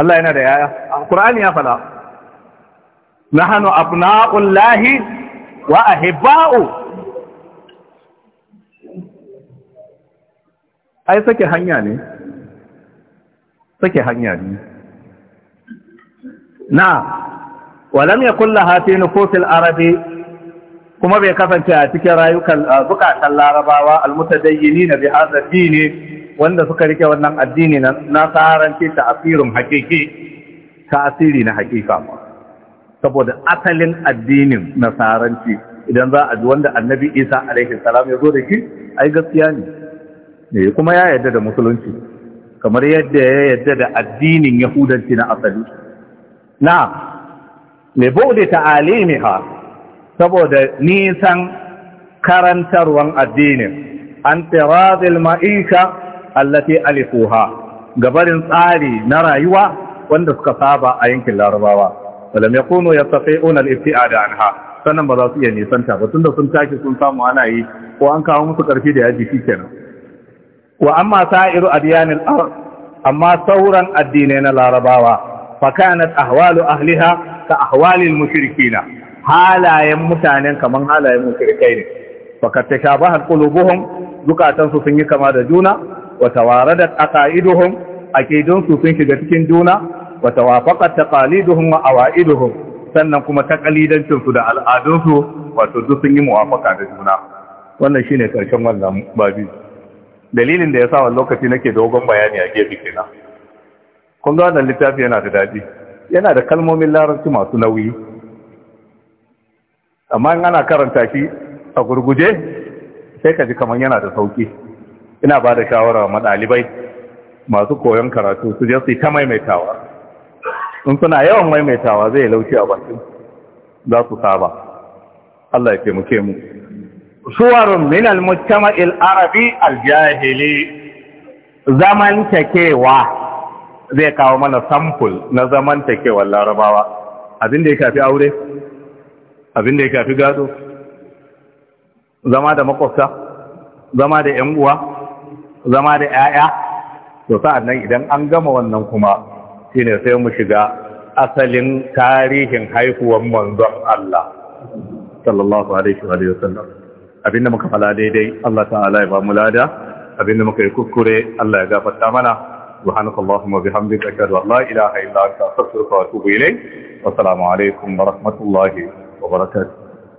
Allah yana da yaya Qur'ani ya fada nahnu abna'ullahi wa ahibba'u ai sake hanya ne sake hanya ne na ولم يكن لها في نفوس العرب kuma bai kasance a cikin rayukan zukatan larabawa almutadayyini na bihar addini wanda suka rike wannan addini na ta asirin hakiki ta asiri na hakika saboda asalin addinin na tsaranci idan za a ji wanda annabi isa alaihi salam ya zo da shi ai gaskiya ne eh, kuma ya yarda da musulunci kamar yadda ya yarda da addinin yahudanci na asali na mai bude ha saboda nisan karantarwan addinin an tirazil ma'isha allati alifuha gabarin tsari na rayuwa wanda suka saba a yankin larabawa walam yakunu yastati'una al-ibti'ada anha sannan ba za su iya nisanta ba tunda sun tashi sun samu ana yi ko an kawo musu karfi da yaji shikenan wa amma sa'iru adyanil ard amma sauran addinai na larabawa fakanat ahwalu ahliha ka ahwalil mushrikina halayen mutanen kaman halayen mushrikai ne fakat tashabaha qulubuhum zukatan su sun yi kama da juna wa tawaradat aqaiduhum aqidun su sun shiga cikin juna wa tawafaqat taqaliduhum wa awaiduhum sannan kuma takalidancin su da al'adun su wato duk sun yi muwafaka da juna wannan shine karshen wannan babi dalilin da yasa wannan lokaci nake dogon bayani a gefe kina. kun ga wannan littafi yana da daɗi yana da kalmomin larabci masu nauyi amma in ana karanta shi a gurguje sai kaji kaman kamar yana da sauki ina ba da shawara ma ɗalibai masu koyon karatu su je su ta maimaitawa in suna yawan maimaitawa zai laushi a bakin za su saba Allah ya taimake mu suwarun min al-mujtama'il arabi al-jahili zaman takewa zai kawo mana sample na zaman takewar larabawa abin da ya kafi aure abin da ya kafi gado zama da makwabta zama da 'yan uwa zama da 'ya'ya to sa'an nan idan an gama wannan kuma shine sai mu shiga asalin tarihin haihuwan manzon Allah sallallahu alaihi wa abinda muka fala daidai Allah ta'ala ya ba mu lada abinda muka yi kuskure Allah ya gafarta mana subhanakallahumma bihamdika ashhadu wa atubu